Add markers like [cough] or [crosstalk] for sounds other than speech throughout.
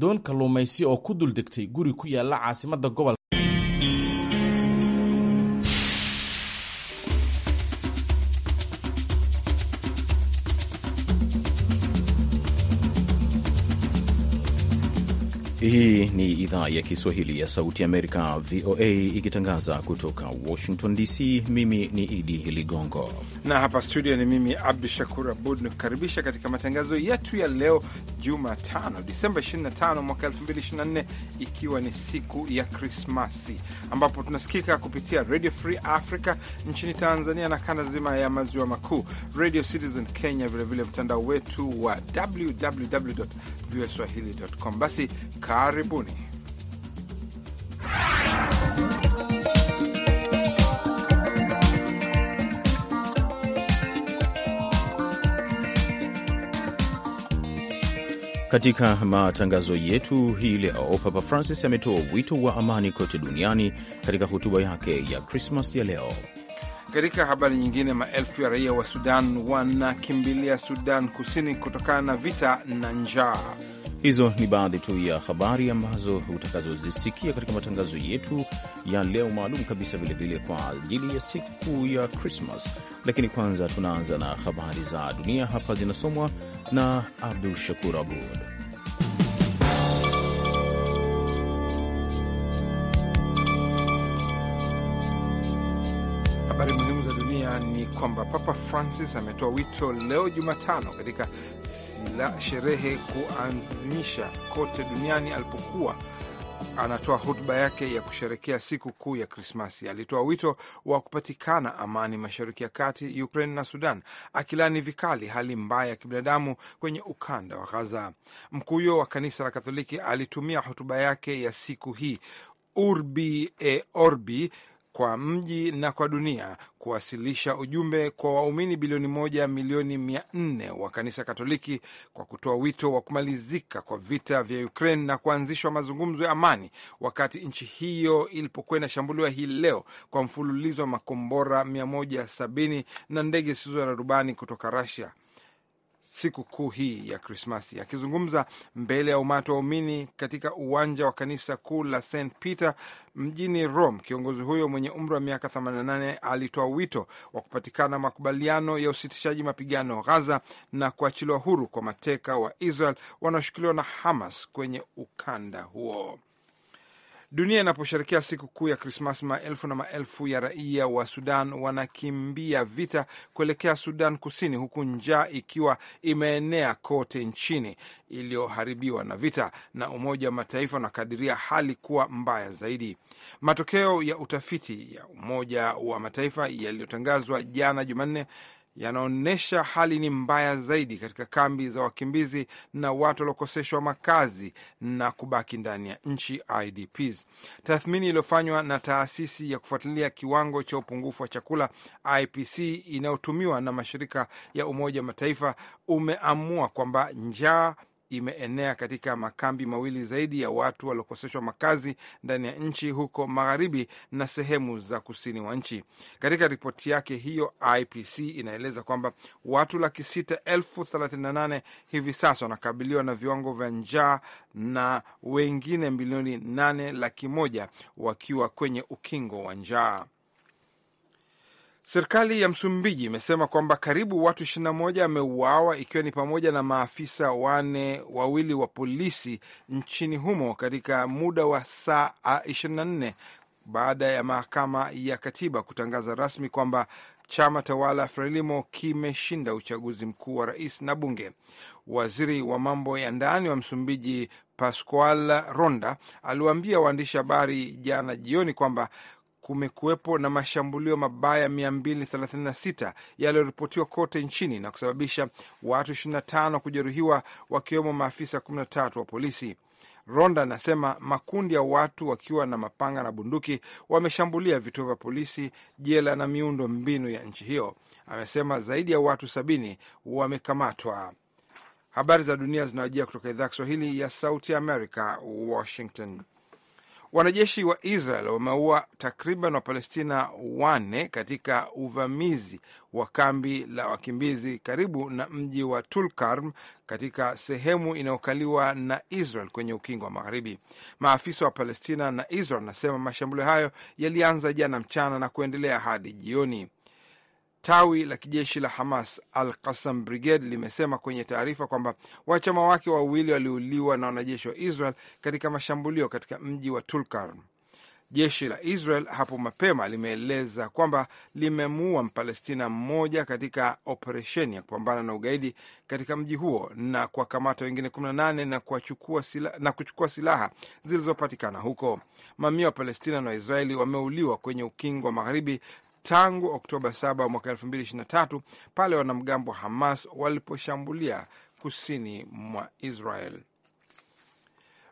doon kalluumaysi oo ku duldegtay guri ku yaalla caasimadda gobolka Hii ni idhaa ya Kiswahili ya Sauti Amerika, VOA, ikitangaza kutoka Washington DC. Mimi ni Idi Ligongo na hapa studio ni mimi Abdu Shakur Abud, nikukaribisha katika matangazo yetu ya leo Jumatano, Disemba 25 mwaka 2024, ikiwa ni siku ya Krismasi, ambapo tunasikika kupitia Radio Free Africa nchini Tanzania na kanda zima ya maziwa makuu, Radio Citizen Kenya, vilevile mtandao wetu wa www voaswahili.com. Basi ka Karibuni. Katika matangazo yetu hii leo, Papa Francis ametoa wito wa amani kote duniani katika hotuba yake ya Krismas ya leo. Katika habari nyingine, maelfu ya raia wa Sudan wanakimbilia Sudan Kusini kutokana na vita na njaa. Hizo ni baadhi tu ya habari ambazo utakazozisikia katika matangazo yetu ya leo maalum kabisa, vilevile kwa ajili ya siku ya Krismas. Lakini kwanza tunaanza na habari za dunia, hapa zinasomwa na abdu Shakur Abud. kwamba Papa Francis ametoa wito leo Jumatano katika sherehe kuanzimisha kote duniani alipokuwa anatoa hotuba yake ya kusherekea siku kuu ya Krismasi. Alitoa wito wa kupatikana amani mashariki ya kati, Ukraine na Sudan, akilani vikali hali mbaya ya kibinadamu kwenye ukanda wa Ghaza. Mkuu huyo wa kanisa la Katoliki alitumia hotuba yake ya siku hii Urbi e Orbi kwa mji na kwa dunia kuwasilisha ujumbe kwa waumini bilioni moja milioni mia nne wa kanisa Katoliki kwa kutoa wito wa kumalizika kwa vita vya Ukraine na kuanzishwa mazungumzo ya amani, wakati nchi hiyo ilipokuwa inashambuliwa hii leo kwa mfululizo wa makombora sabini na ndege zisizo na rubani kutoka Russia siku kuu hii ya Krismasi. Akizungumza mbele ya umati wa waumini katika uwanja wa kanisa kuu la St Peter mjini Rome, kiongozi huyo mwenye umri wa miaka 88 alitoa wito wa kupatikana makubaliano ya usitishaji mapigano Ghaza na kuachiliwa huru kwa mateka wa Israel wanaoshikiliwa na Hamas kwenye ukanda huo. Dunia inaposherekea siku kuu ya Krismas, maelfu na maelfu ya raia wa Sudan wanakimbia vita kuelekea Sudan Kusini, huku njaa ikiwa imeenea kote nchini iliyoharibiwa na vita, na Umoja wa Mataifa unakadiria hali kuwa mbaya zaidi. Matokeo ya utafiti ya Umoja wa Mataifa yaliyotangazwa jana Jumanne yanaonyesha hali ni mbaya zaidi katika kambi za wakimbizi na watu waliokoseshwa makazi na kubaki ndani ya nchi IDPs. Tathmini iliyofanywa na taasisi ya kufuatilia kiwango cha upungufu wa chakula IPC inayotumiwa na mashirika ya Umoja wa Mataifa umeamua kwamba njaa imeenea katika makambi mawili zaidi ya watu waliokoseshwa makazi ndani ya nchi huko magharibi na sehemu za kusini wa nchi. Katika ripoti yake hiyo, IPC inaeleza kwamba watu laki sita elfu thelathini na nane hivi sasa wanakabiliwa na viwango vya njaa na wengine milioni nane laki moja wakiwa kwenye ukingo wa njaa. Serikali ya Msumbiji imesema kwamba karibu watu 21 wameuawa ikiwa ni pamoja na maafisa wane wawili wa polisi nchini humo katika muda wa saa 24 baada ya mahakama ya katiba kutangaza rasmi kwamba chama tawala Frelimo kimeshinda uchaguzi mkuu wa rais na bunge. Waziri wa mambo ya ndani wa Msumbiji Pascual Ronda aliwaambia waandishi habari jana jioni kwamba kumekuwepo na mashambulio mabaya 236 yaliyoripotiwa kote nchini na kusababisha watu 25 kujeruhiwa wakiwemo maafisa 13 wa polisi. Ronda anasema makundi ya watu wakiwa na mapanga na bunduki wameshambulia vituo vya polisi, jela na miundo mbinu ya nchi hiyo. Amesema zaidi ya watu sabini wamekamatwa. Habari za dunia zinawajia kutoka idhaa ya Kiswahili ya Sauti ya Amerika, Washington. Wanajeshi wa Israel wameua takriban Wapalestina wane katika uvamizi wa kambi la wakimbizi karibu na mji wa Tulkarm katika sehemu inayokaliwa na Israel kwenye ukingo wa Magharibi. Maafisa wa Palestina na Israel wanasema mashambulio hayo yalianza jana mchana na kuendelea hadi jioni. Tawi la kijeshi la Hamas Al Qassam Brigade limesema kwenye taarifa kwamba wachama wake wawili waliuliwa na wanajeshi wa Israel katika mashambulio katika mji wa Tulkarm. Jeshi la Israel hapo mapema limeeleza kwamba limemuua Mpalestina mmoja katika operesheni ya kupambana na ugaidi katika mji huo na kuwakamata wengine 18 na kuchukua silaha, na kuchukua silaha zilizopatikana huko. Mamia wa Palestina na Waisraeli wameuliwa kwenye ukingo wa magharibi tangu Oktoba 7 mwaka 2023 pale wanamgambo wa Hamas waliposhambulia kusini mwa Israel.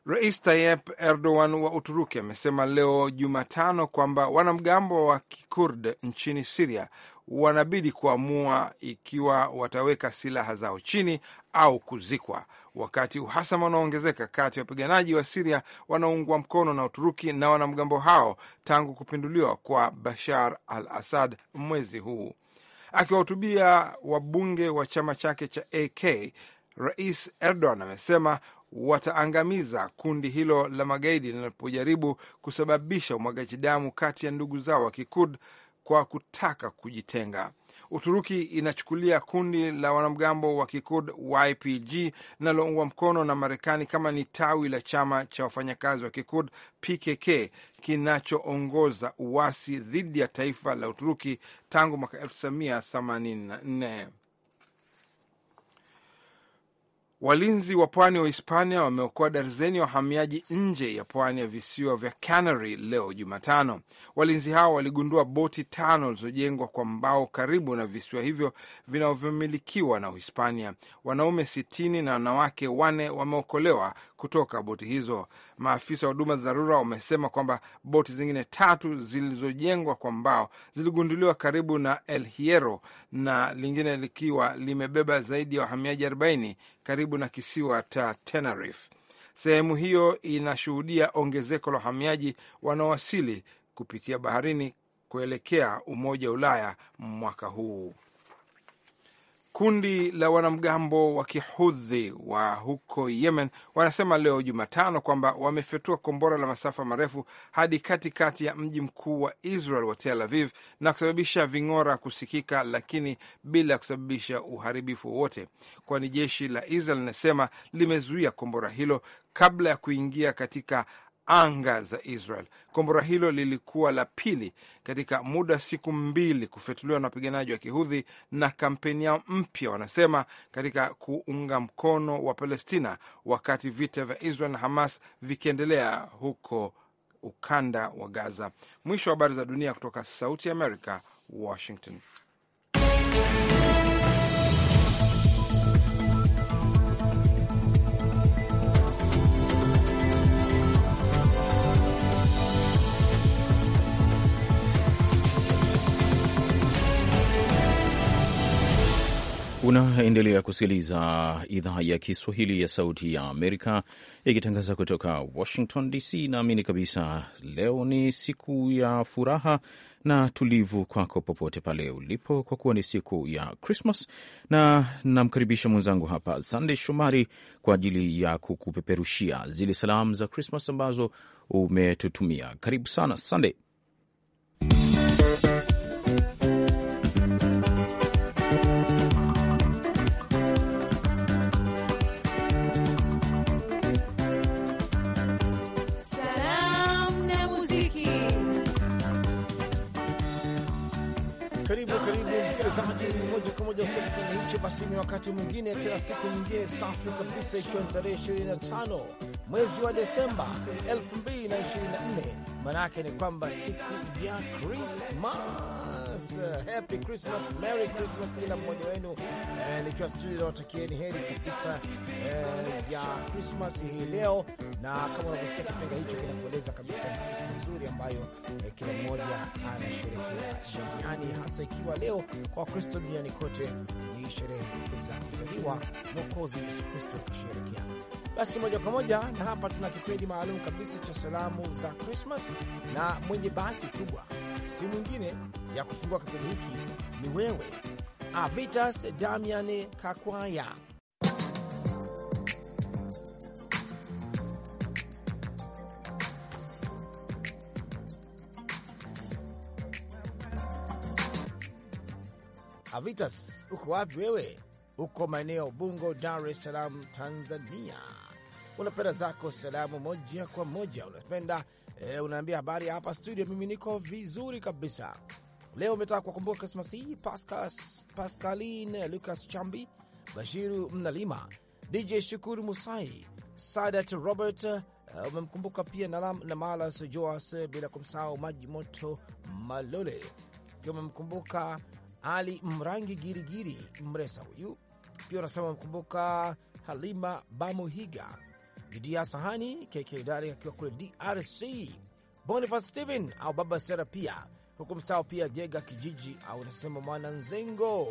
Rais Tayyip Erdogan wa Uturuki amesema leo Jumatano kwamba wanamgambo wa Kikurd nchini Siria wanabidi kuamua ikiwa wataweka silaha zao chini au kuzikwa, wakati uhasama unaoongezeka kati ya wapiganaji wa Siria wanaoungwa mkono na Uturuki na wanamgambo hao tangu kupinduliwa kwa Bashar al Assad mwezi huu. Akiwahutubia wabunge wa chama chake cha AK, Rais Erdogan amesema wataangamiza kundi hilo la magaidi linapojaribu kusababisha umwagaji damu kati ya ndugu zao wa Kikurd kwa kutaka kujitenga. Uturuki inachukulia kundi la wanamgambo wa Kikurd YPG linaloungwa mkono na Marekani kama ni tawi la chama cha wafanyakazi wa Kikurd PKK kinachoongoza uasi dhidi ya taifa la Uturuki tangu mwaka 1984. Walinzi wa pwani wa Hispania wameokoa darzeni ya wahamiaji nje ya pwani ya visiwa vya Canary leo Jumatano. Walinzi hao waligundua boti tano zilizojengwa kwa mbao karibu na visiwa hivyo vinavyomilikiwa na Uhispania. Wanaume sitini na wanawake wane wameokolewa kutoka boti hizo. Maafisa wa huduma za dharura wamesema kwamba boti zingine tatu zilizojengwa kwa mbao ziligunduliwa karibu na El Hierro na lingine likiwa limebeba zaidi ya wahamiaji 40 karibu na kisiwa cha Tenerife. Sehemu hiyo inashuhudia ongezeko la wahamiaji wanaowasili kupitia baharini kuelekea Umoja wa Ulaya mwaka huu. Kundi la wanamgambo wa kihudhi wa huko Yemen wanasema leo Jumatano kwamba wamefyatua kombora la masafa marefu hadi katikati kati ya mji mkuu wa Israel wa Tel Aviv na kusababisha ving'ora kusikika, lakini bila kusababisha uharibifu wowote, kwani jeshi la Israel linasema limezuia kombora hilo kabla ya kuingia katika anga za Israel. Kombora hilo lilikuwa la pili katika muda siku mbili kufyatuliwa na wapiganaji wa Kihudhi na kampeni yao mpya, wanasema katika kuunga mkono wa Palestina, wakati vita vya Israel na Hamas vikiendelea huko ukanda wa Gaza. Mwisho wa habari za dunia kutoka Sauti ya Washington. Unaendelea kusikiliza idhaa ya Kiswahili ya Sauti ya Amerika ikitangaza kutoka Washington DC. Naamini kabisa leo ni siku ya furaha na tulivu kwako popote pale ulipo, kwa kuwa ni siku ya Krismas, na namkaribisha mwenzangu hapa Sandey Shomari kwa ajili ya kukupeperushia zile salamu za Krismas ambazo umetutumia. Karibu sana Sandey. msikilizaji moja kwa moja usia kipindi hicho. Basi ni wakati mwingine tena, siku nyingine safi kabisa, ikiwa ni tarehe 25 mwezi wa Desemba 2024 maana ni kwamba siku ya Krismas. Christmas, uh, happy Christmas, merry Christmas kila mmoja wenu, eh, nikiwa studio nawatakieni heri kabisa eh, ya Christmas hii leo, na kama unavyosikia kipenga hicho kinakueleza kabisa siku nzuri ambayo eh, kila mmoja anasherehekea duniani, hasa ikiwa leo kwa Wakristo duniani kote ni sherehe za kuzaliwa Mwokozi Yesu Kristo akisherehekea basi moja kwa moja, na hapa tuna kipindi maalum kabisa cha salamu za Krismas, na mwenye bahati kubwa si mwingine ya kufungua kipindi hiki ni wewe Avitas Damian Kakwaya. Avitas, uko wapi wewe? Uko maeneo Bungo, Dar es Salaam, Tanzania unapenda zako salamu moja kwa moja unapenda e, unaambia habari hapa studio. Mimi niko vizuri kabisa. Leo umetaka kuwakumbuka Krismas hii Pascal, Pascaline Lucas Chambi, Bashiru Mnalima, DJ Shukuru Musai, Sadat Robert eh, umemkumbuka pia na Malas Joas, bila kumsahau Maji Moto Malole, pia umemkumbuka Ali Mrangi Girigiri Mresa huyu pia unasema umemkumbuka Halima Bamuhiga Judia Sahani Kkdari akiwa kule DRC, Boniface Stephen au Baba Sera pia huku msao pia Jega kijiji au nasema mwana Nzengo,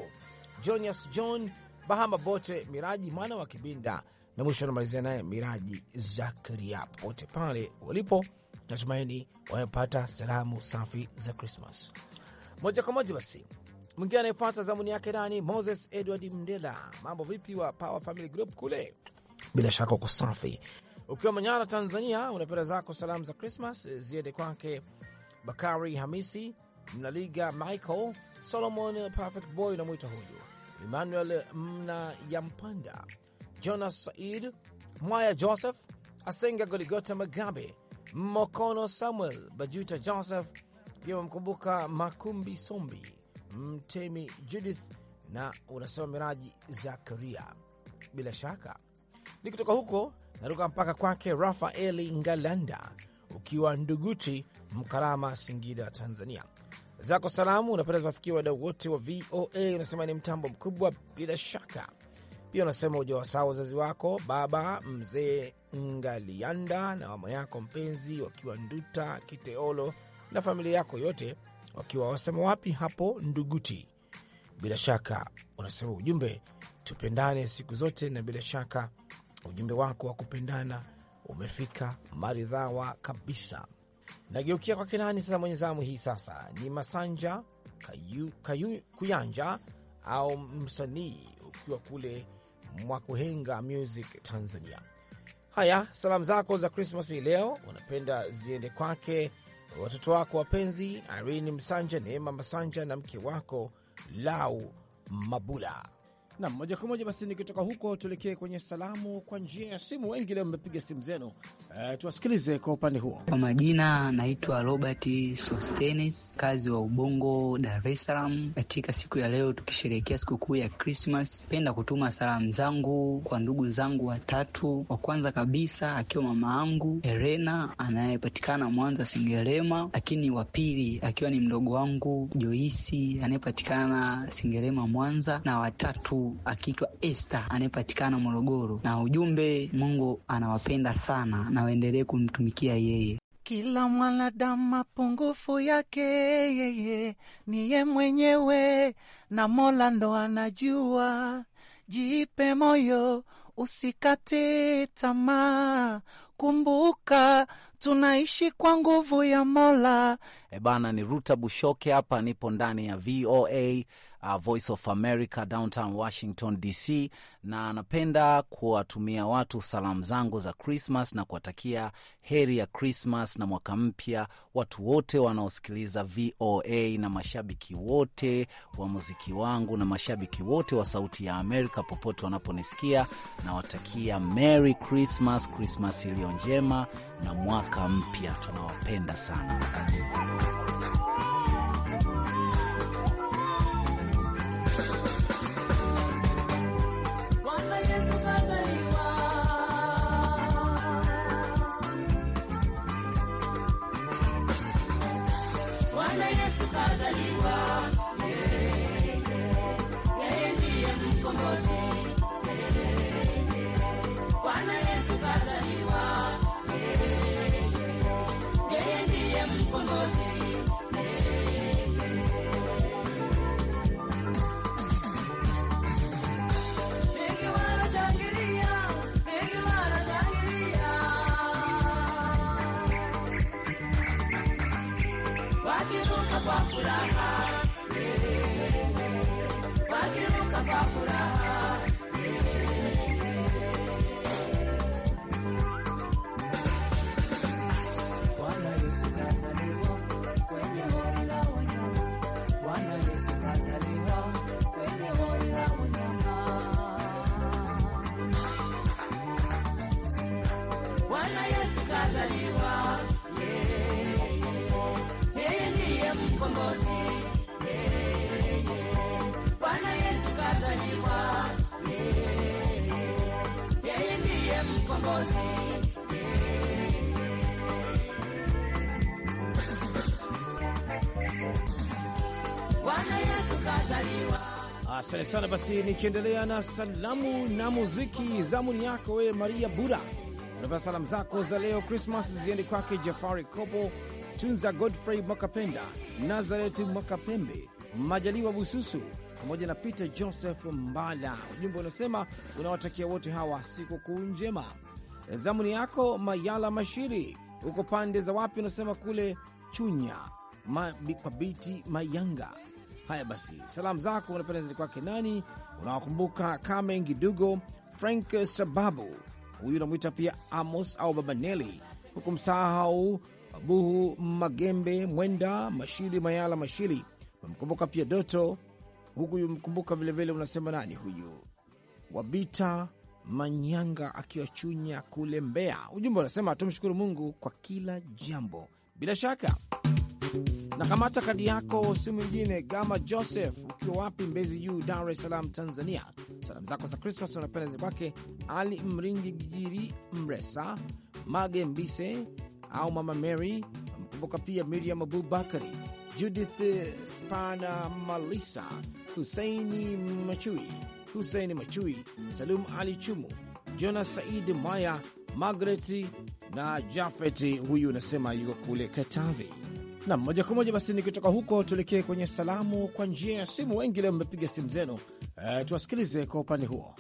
Jonias John Bahama bote, Miraji mwana wa Kibinda na mwisho anamalizia naye Miraji Zakaria. Popote pale walipo, natumaini wamepata salamu safi za Krismas. Moja kwa moja basi, mwingine anayepata zamuni yake nani? Moses Edward mdela mambo vipi wa Power Family Group kule bila shaka uko safi ukiwa Manyara, Tanzania, unapenda zako salamu za Krismas eh, ziende kwake Bakari Hamisi Mnaliga, Michael Solomon, eh, Perfect Boy unamwita huyu, Emmanuel Mna Yampanda, Jonas Said Mwaya, Joseph Asenga, Goligota Magabe Mokono, Samuel Bajuta, Joseph pia wamkumbuka Makumbi Sombi Mtemi, Judith na unasema Miraji Zakaria. Bila shaka Nikitoka huko naruka mpaka kwake Rafaeli Ngalanda, ukiwa Nduguti, Mkarama, Singida, Tanzania. Zako salamu unapenda ziwafikia wadau wote wa VOA, unasema ni mtambo mkubwa bila shaka. Pia unasema ujawasaa wazazi wako, baba mzee Ngalianda na mama yako mpenzi, wakiwa Nduta Kiteolo, na familia yako yote wakiwa wasema wapi hapo Nduguti. Bila shaka unasema ujumbe, tupendane siku zote, na bila shaka Ujumbe wako wa kupendana umefika maridhawa kabisa. Nageukia kwa kinani sasa, mwenyezamu hii sasa ni Masanja Kayu, Kayu, Kuyanja au msanii ukiwa kule Mwakuhenga Music Tanzania. Haya, salamu zako za Krismas hii leo unapenda ziende kwake watoto wako wapenzi Irene Msanja, Neema Masanja na mke wako Lau Mabula. Nam moja kwa moja basi, nikitoka huko tuelekee kwenye salamu kwa njia ya simu. Wengi leo mmepiga simu zenu, e, tuwasikilize kwa upande huo. Kwa majina naitwa Robert Sostenes, kazi wa Ubongo, Dar es Salaam. Katika siku ya leo tukisherehekea sikukuu ya Krismas, penda kutuma salamu zangu kwa ndugu zangu watatu. Wa kwanza kabisa akiwa mama angu Helena anayepatikana Mwanza Sengerema, lakini wa pili akiwa ni mdogo wangu Joisi anayepatikana singerema Mwanza, na watatu akiitwa Esther anayepatikana Morogoro, na ujumbe, Mungu anawapenda sana na waendelee kumtumikia yeye. Kila mwanadamu mapungufu yake, yeye ni ye mwenyewe, na Mola ndo anajua. Jipe moyo, usikate tamaa, kumbuka tunaishi kwa nguvu ya Mola. E bana, ni Ruta Bushoke hapa, nipo ndani ya VOA uh, Voice of America downtown Washington DC, na napenda kuwatumia watu salamu zangu za Krismas na kuwatakia heri ya Krismas na mwaka mpya watu wote wanaosikiliza VOA na mashabiki wote wa muziki wangu na mashabiki wote wa Sauti ya Amerika popote wanaponisikia, nawatakia Merry Christmas, Krismas iliyo njema na mwaka mpya. Tunawapenda sana. Asante sana. Basi nikiendelea na salamu na muziki, zamuni yako wewe Maria Bura, unapea salamu zako za leo Krismas ziende kwake Jafari Kopo, Tunza Godfrey Mwakapenda, Nazareti Mwakapembe, Majaliwa Bususu pamoja na Peter Joseph Mbala. Ujumbe unasema unawatakia wote hawa sikukuu njema. Zamuni yako Mayala Mashiri, uko pande za wapi? Unasema kule Chunya biti Mayanga Haya basi, salamu zako unapendeza kwake nani? Unawakumbuka Kame Ngidugo, Frank Sababu, huyu unamwita pia Amos au Babaneli, huku msahau Abuhu Magembe, Mwenda Mashili, Mayala Mashili. Unamkumbuka pia Doto, huku mkumbuka vilevile. Unasema nani huyu? Wabita Manyanga akiwa Chunya kule Mbeya. Ujumbe unasema tumshukuru Mungu kwa kila jambo. Bila shaka na kamata kadi yako, si mwingine Gama Joseph, ukiwa wapi? Mbezi Juu, Dar es Salaam, Tanzania. Salamu zako za Krismas unapenda zi kwake Ali Mringi Gijiri, Mresa Mage Mbise au Mama Mary, amkumbuka pia Miriam Abubakari, Judith Spana Malisa, Huseini Machui, Huseini Machui, Salum Ali Chumu, Jonas Saidi Maya, Magreti na Jafeti, huyu unasema yuko kule Katavi. Nam moja kwa moja basi, nikitoka huko tuelekee kwenye salamu kwa njia ya simu. Wengi leo mmepiga simu zenu, e, tuwasikilize kwa upande huo.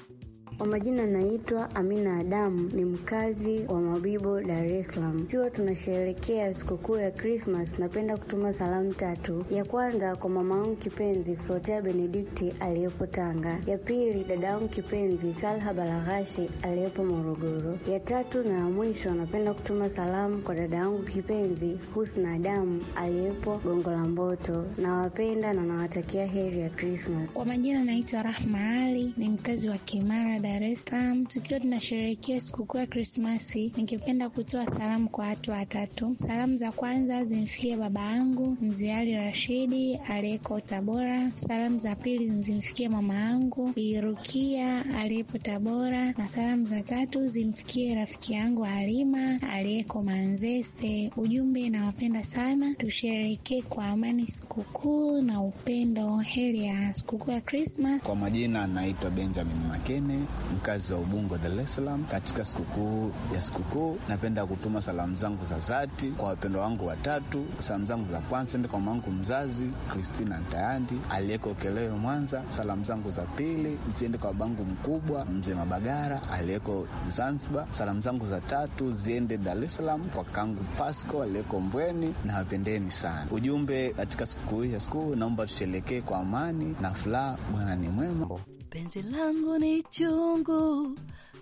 Kwa majina naitwa Amina Adamu, ni mkazi wa Mabibo, Dar es Salaam. Ikiwa tunasherehekea sikukuu ya Krismas, napenda kutuma salamu tatu. Ya kwanza kwa mama wangu kipenzi Flotea Benedikti aliyepo Tanga, ya pili dada wangu kipenzi Salha Balaghashi aliyepo Morogoro, ya tatu na ya mwisho napenda kutuma salamu kwa dada dadaangu kipenzi Husna Adamu aliyepo Gongo la Mboto. Nawapenda na nawatakia heri ya Krismas. Kwa majina naitwa Rahma Ali, ni mkazi wa Kimara ya Dar es Salaam, tukiwa tunasherehekea sikukuu ya Krismasi, ningependa kutoa salamu kwa watu watatu. Salamu za kwanza zimfikie baba yangu mzee Ali Rashidi aliyeko Tabora. Salamu za pili zimfikie mama yangu Birukia aliyepo Tabora, na salamu za tatu zimfikie rafiki yangu Halima aliyeko Manzese. Ujumbe, nawapenda sana, tusherehekee kwa amani sikukuu na upendo. Heri ya sikukuu ya Krismasi. Kwa majina naitwa Benjamin Makene, mkazi wa Ubungo, Dar es Salaam. Katika sikukuu ya sikukuu, napenda kutuma salamu zangu za dhati kwa wapendwa wangu watatu. Salamu zangu za kwanza ni kwa mwangu mzazi Kristina Ntayandi aliyeko Ukerewe, Mwanza. Salamu zangu za pili ziende kwa babangu mkubwa Mzee Mabagara aliyeko Zanzibar. Salamu zangu za tatu ziende Dar es Salaam kwa kangu Pasco aliyeko Mbweni, na wapendeni sana. Ujumbe katika sikukuu hii ya sikukuu, naomba tusherekee kwa amani na furaha. Bwana ni mwema. Penzi langu ni chungu,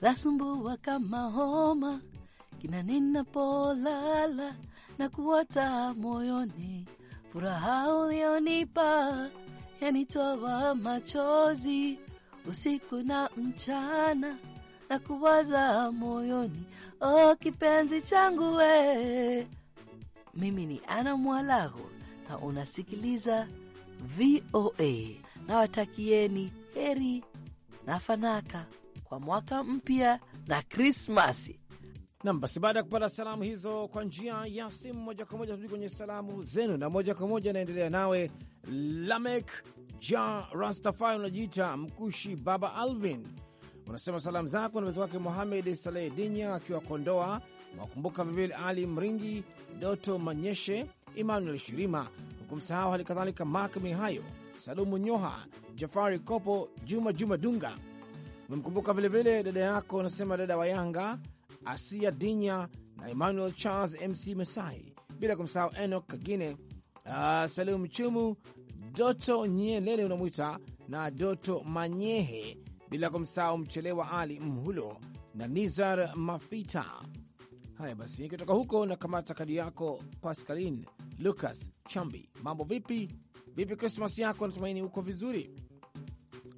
lasumbua kama homa, kina ninapolala na kuwata moyoni. Furaha ulionipa yanitoa machozi, usiku na mchana na kuwaza moyoni. Oh, kipenzi changu we. Mimi ni Ana Mwalaho na unasikiliza VOA. Nawatakieni heri na fanaka kwa mwaka mpya na Krismasi. Nam, basi baada ya kupata salamu hizo kwa njia ya simu moja kwa moja, turudi kwenye salamu zenu, na moja kwa moja naendelea nawe Lamek Ja Rastafai, unajiita Mkushi Baba Alvin. Unasema salamu zako na wezi wake Mohamed Saleh Dinya akiwa Kondoa, wakumbuka vivili Ali Mringi, Doto Manyeshe, Emmanuel Shirima, hukumsahau hali kadhalika Mak Mihayo Salumu Nyoha, Jafari Kopo, Juma Juma Dunga. Umemkumbuka vilevile dada yako, unasema dada wa Yanga Asia Dinya na Emmanuel Charles Mc Masai, bila kumsahau Enok Kagine, uh, ah, Salumu Chumu, Doto Nyelele unamwita na Doto Manyehe, bila kumsahau Mchelewa Ali Mhulo na Nizar Mafita. Haya basi, nikitoka huko na kamata kadi yako Pascaline Lucas Chambi, mambo vipi? Vipi Krismas yako? Natumaini uko vizuri.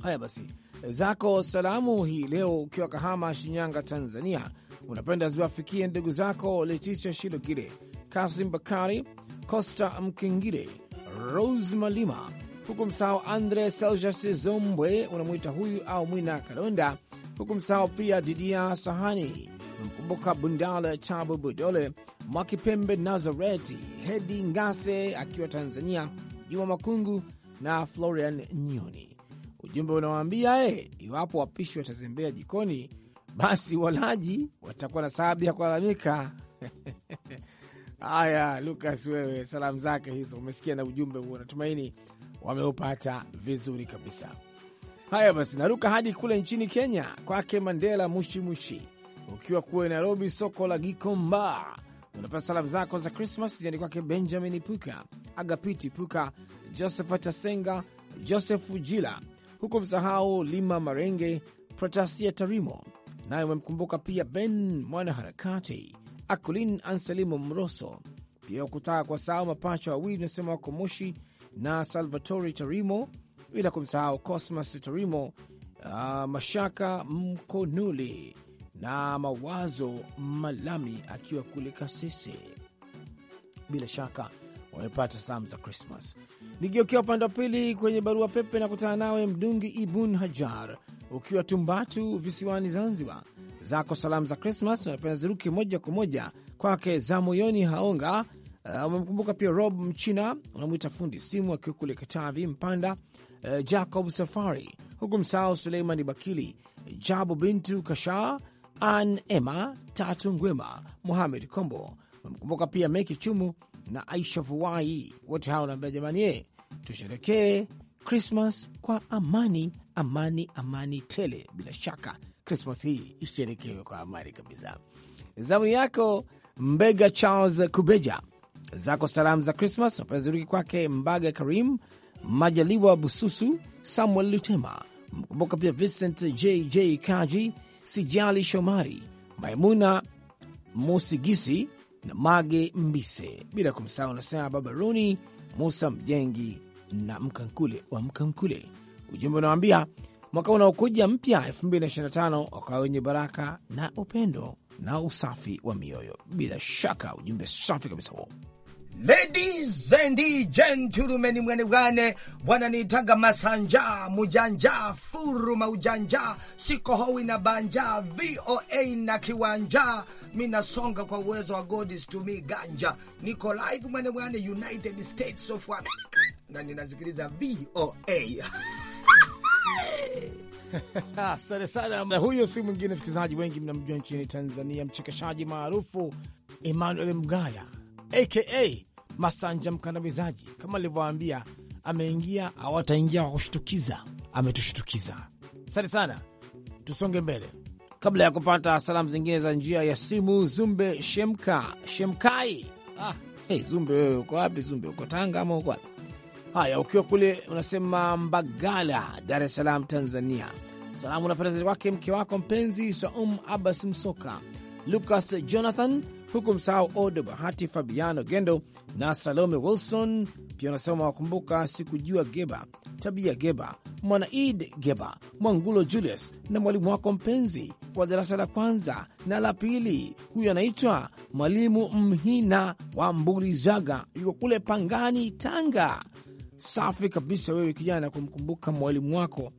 Haya basi, zako salamu hii leo ukiwa Kahama, Shinyanga, Tanzania, unapenda ziwafikie ndugu zako Leticia Shilogile, Kasim Bakari, Costa Mkingire, Rose Malima, huku msao Andre Seljas Zombwe, unamwita huyu au Mwina Kalonda, huku msao pia Didia Sahani, mkumbuka Bundala Chabu Budole, Mwakipembe Nazareti, Hedi Ngase akiwa Tanzania Juma Makungu na Florian Nyoni. Ujumbe unawaambia e, iwapo wapishi watazembea jikoni, basi walaji watakuwa na sababu ya kulalamika. [laughs] Haya, Lukas, wewe salamu zake hizo umesikia, na ujumbe huo natumaini wameupata vizuri kabisa. Haya basi, naruka hadi kule nchini Kenya, kwake Mandela Mushimushi, ukiwa kuwe Nairobi, soko la Gikomba Unapata salamu zako za Krismas ziende kwake Benjamin Puka, Agapiti Puka, Joseph Tasenga, Joseph Jila, huku msahau Lima Marenge, Protasia Tarimo, naye umemkumbuka pia Ben mwanaharakati Akulin Anselimo Mroso, pia wakutaka kwa sahau mapacha wawili unasema wako Moshi na Salvatori Tarimo, bila kumsahau Cosmas Tarimo, uh, Mashaka Mkonuli na mawazo Malami akiwa kule Kasese. Bila shaka wamepata salamu za Krismas. Nikiokea upande wa pili kwenye barua pepe na kutana nawe Mdungi Ibun Hajar ukiwa Tumbatu visiwani Zanzibar, zako salamu za Krismas napenda ziruki moja kwa moja kwake za moyoni Haonga. Uh, umemkumbuka uh, pia Rob Mchina, unamwita fundi simu akiwa kule Katavi Mpanda, uh, Jacob Safari huku msahau Suleimani Bakili, Jabu Bintu Kashaa An Emma Tatu Ngwema, muhamed Kombo, wamkumbuka pia Meki Chumu na Aisha Vuai. Wote hawa wanaambia jamani, ye eh, tusherekee Krismas kwa amani, amani, amani tele. Bila shaka Krismas hii isherekewe kwa amani kabisa. Zamu yako Mbega Charles Kubeja, zako salamu za Krismas napenaziruki kwake Mbaga Karim Majaliwa Bususu, Samuel Lutema, mkumbuka pia Vincent JJ Kaji Sijali Shomari, Maimuna Musigisi na Mage Mbise, bila kumsahau unasema Baba roni Musa Mjengi na Mkankule wa Mkankule. Ujumbe unawambia mwaka unaokuja mpya 2025 wakawa wenye baraka na upendo na usafi wa mioyo. Bila shaka ujumbe safi kabisa huo. Ladies and gentlemen, mwane bwana niitanga masanja mujanja furuma ujanja sikohowi na banja VOA na kiwanja minasonga kwa uwezo wa God me ganja, niko live mwane United States of America na ninasikiliza VOA. [laughs] Ah, asante sana. Na huyo si mwingine, msikilizaji wengi mnamjua nchini Tanzania, mchekeshaji maarufu Emmanuel Mgaya aka Masanja mkandamizaji, kama alivyowaambia, ameingia au ataingia kwa kushtukiza. Ametushtukiza. Asante sana, tusonge mbele kabla ya kupata salamu zingine za njia ya simu. Zumbe Shemka Shemkai. Ah, hey, Zumbe wewe uko wapi? Zumbe uko Tanga ama uko wapi? Haya, ukiwa kule unasema Mbagala, Dar es Salaam, Tanzania. Salamu napendezai wake mke wako mpenzi Saum Abbas Msoka, Lukas Jonathan huku msahau Odo Bahati, Fabiano Gendo na Salome Wilson. Pia wanasema wakumbuka Sikujua Geba, Tabia Geba, Mwanaid Geba, Mwangulo Julius na mwalimu wako mpenzi wa darasa la kwanza na la pili. Huyu anaitwa Mwalimu Mhina wa zaga yuko kule Pangani, Tanga. Safi kabisa, wewe kijana, kumkumbuka mwalimu wako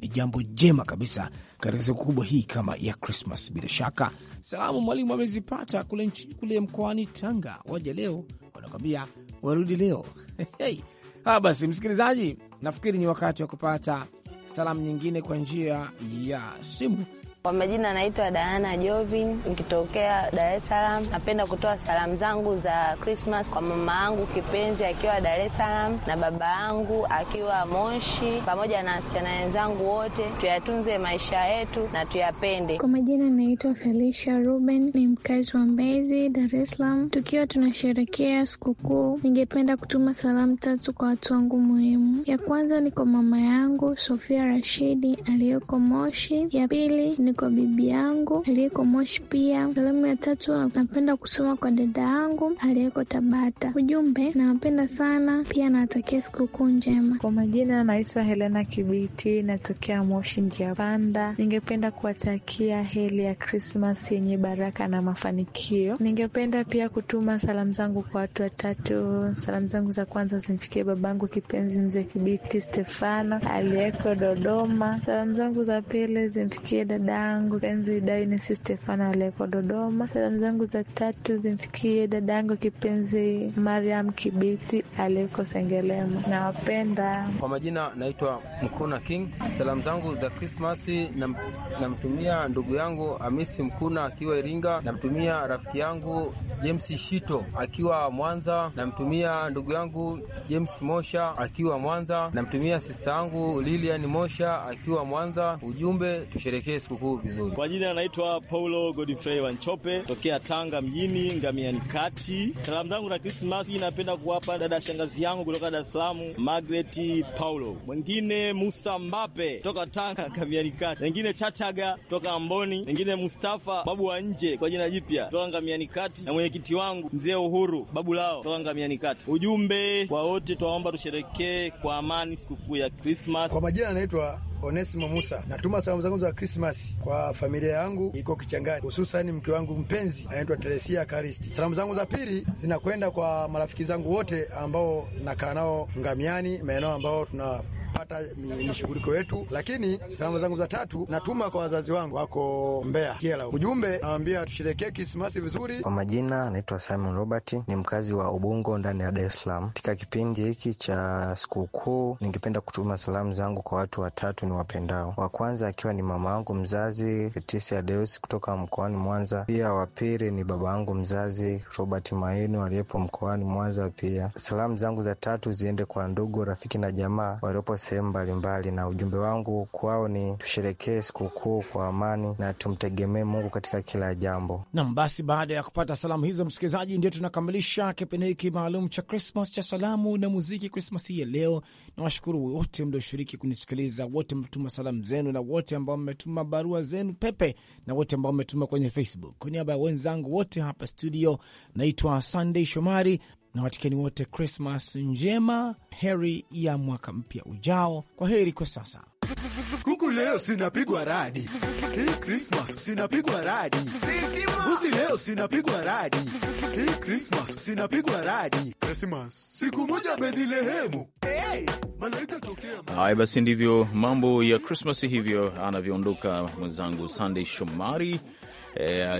ni jambo jema kabisa katika siku kubwa hii kama ya Krismas. Bila shaka Salamu mwalimu amezipata kule nchini kule mkoani Tanga, waja leo wanakwambia warudi leo. [laughs] Hey, ha basi, msikilizaji, nafikiri ni wakati wa kupata salamu nyingine kwa njia ya simu kwa majina anaitwa Diana Jovin, nikitokea Dar es Salaam. Napenda kutoa salamu zangu za Krismas kwa mama yangu kipenzi akiwa Dar es Salaam na baba yangu akiwa Moshi, pamoja na wasichana wenzangu wote. Tuyatunze maisha yetu na tuyapende. Kwa majina anaitwa Felicia Ruben, ni mkazi wa Mbezi, Dar es Salaam. Tukiwa tunasherekea sikukuu, ningependa kutuma salamu tatu kwa watu wangu muhimu. Ya kwanza ni kwa mama yangu Sofia Rashidi aliyoko Moshi. Ya pili ni kwa bibi yangu aliyeko Moshi. Pia salamu ya tatu napenda kusoma kwa dada yangu aliyeko Tabata. Ujumbe, nawapenda sana, pia nawatakia sikukuu njema. Kwa majina naitwa Helena Kibiti, natokea Moshi njia panda. Ningependa kuwatakia heli ya Krismas yenye baraka na mafanikio. Ningependa pia kutuma salamu zangu kwa watu watatu. Salamu zangu za kwanza zimfikie babangu kipenzi mzee Kibiti Stefano aliyeko Dodoma. Salamu zangu za pili zimfikie dada yangu enzi dainisi Stefano aliyeko Dodoma. Salamu zangu za tatu zimfikie dadangu kipenzi Mariam Kibiti aliyeko Sengelema, nawapenda. Kwa majina naitwa Mkuna King. Salamu zangu za Krismasi namtumia na ndugu yangu Hamisi Mkuna akiwa Iringa, namtumia rafiki yangu James Shito akiwa Mwanza, namtumia ndugu yangu James Mosha akiwa Mwanza, namtumia sista yangu Lilian Mosha akiwa Mwanza. Ujumbe, tusherekee sikukuu huu vizuri. Kwa jina anaitwa Paulo Godfrey Wanchope tokea Tanga mjini Ngamiani Kati. Salamu zangu za Krismasi napenda kuwapa dada shangazi yangu kutoka Dar es Salaam, Margaret Paulo, mwingine Musa Mbape toka Tanga Ngamiani Kati, wengine Chachaga toka Amboni, wengine Mustafa babu wa nje kwa jina jipya toka Ngamiani Kati, na mwenyekiti wangu mzee Uhuru babu lao toka Ngamiani Kati. Ujumbe kwa wote, twaomba tusherekee kwa amani sikukuu ya Krismasi. Kwa majina anaitwa Onesimo Musa. Natuma salamu zangu za Krismas kwa familia yangu iko Kichangani, hususani mke wangu mpenzi anaitwa Teresia Karisti. Salamu zangu za pili zinakwenda kwa marafiki zangu wote ambao nakaa nao Ngamiani, maeneo ambao tuna kupata mishughuliko yetu. Lakini salamu zangu za tatu natuma kwa wazazi wangu wako Mbeya Kiela, ujumbe nawambia tusherekee Krismasi vizuri. Kwa majina naitwa Simon Robert, ni mkazi wa Ubungo ndani ya Dar es Salaam. Katika kipindi hiki cha sikukuu, ningependa kutuma salamu zangu kwa watu watatu ni wapendao. Wa kwanza akiwa ni mama yangu mzazi Letisia Deus kutoka mkoani Mwanza, pia wa pili ni baba yangu mzazi Robert Maino aliyepo mkoani Mwanza. Pia salamu zangu za tatu ziende kwa ndugu, rafiki na jamaa waliopo sehemu mbalimbali, na ujumbe wangu kwao ni tusherekee sikukuu kwa amani na tumtegemee Mungu katika kila jambo. Nam, basi baada ya kupata salamu hizo, msikilizaji, ndio tunakamilisha kipindi hiki maalum cha Krismas cha salamu na muziki Krismas hii ya leo. Na washukuru wote mlioshiriki kunisikiliza, wote mmetuma salamu zenu na wote ambao mmetuma barua zenu pepe na wote ambao mmetuma kwenye Facebook. Kwa niaba ya wenzangu wote hapa studio, naitwa Sunday Shomari na watikeni wote Krismas njema, heri ya mwaka mpya ujao. Kwa heri kwa sasa. Kuku leo sinapigwa radi, hii Krismas sinapigwa radi, usi leo sinapigwa radi, hii Krismas sinapigwa radi, Krismas siku moja Bethlehemu. Haya basi, ndivyo mambo ya Krismas hivyo anavyoondoka mwenzangu Sandey Shomari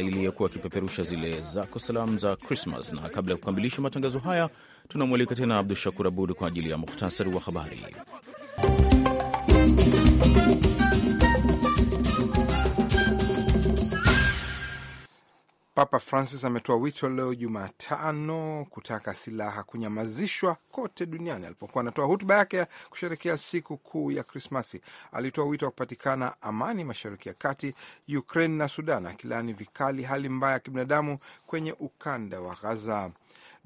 iliyokuwa e, akipeperusha zile zako salamu za Krismas. Na kabla ya kukamilisha matangazo haya, tunamwalika tena Abdu Shakur Abud kwa ajili ya muhtasari wa habari. Papa Francis ametoa wito leo Jumatano kutaka silaha kunyamazishwa kote duniani. Alipokuwa anatoa hotuba yake ya kusherekea siku kuu ya Krismasi, alitoa wito wa kupatikana amani mashariki ya kati, Ukraine na Sudan, akilaani vikali hali mbaya ya kibinadamu kwenye ukanda wa ghaza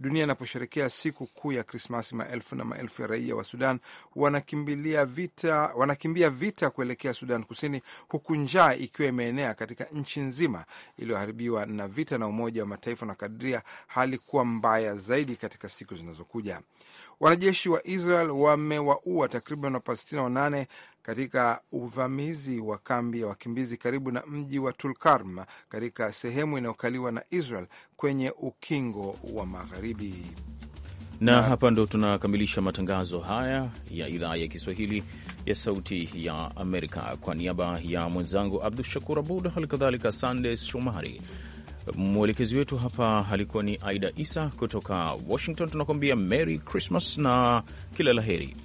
dunia inaposherekea siku kuu ya Krismasi, maelfu na maelfu ya raia wa Sudan wanakimbilia vita, wanakimbia vita kuelekea Sudan Kusini, huku njaa ikiwa imeenea katika nchi nzima iliyoharibiwa na vita, na Umoja wa Mataifa unakadiria hali kuwa mbaya zaidi katika siku zinazokuja. Wanajeshi wa Israel wamewaua takriban Wapalestina wanane katika uvamizi wa kambi ya wakimbizi karibu na mji wa Tulkarm katika sehemu inayokaliwa na Israel kwenye ukingo wa Magharibi. Na, hapa ndo tunakamilisha matangazo haya ya idhaa ya Kiswahili ya Sauti ya Amerika. Kwa niaba ya mwenzangu Abdu Shakur Abud, halikadhalika Sandes Shomari Mwelekezi wetu hapa alikuwa ni Aida Isa kutoka Washington. Tunakuambia Merry Christmas na kila la heri.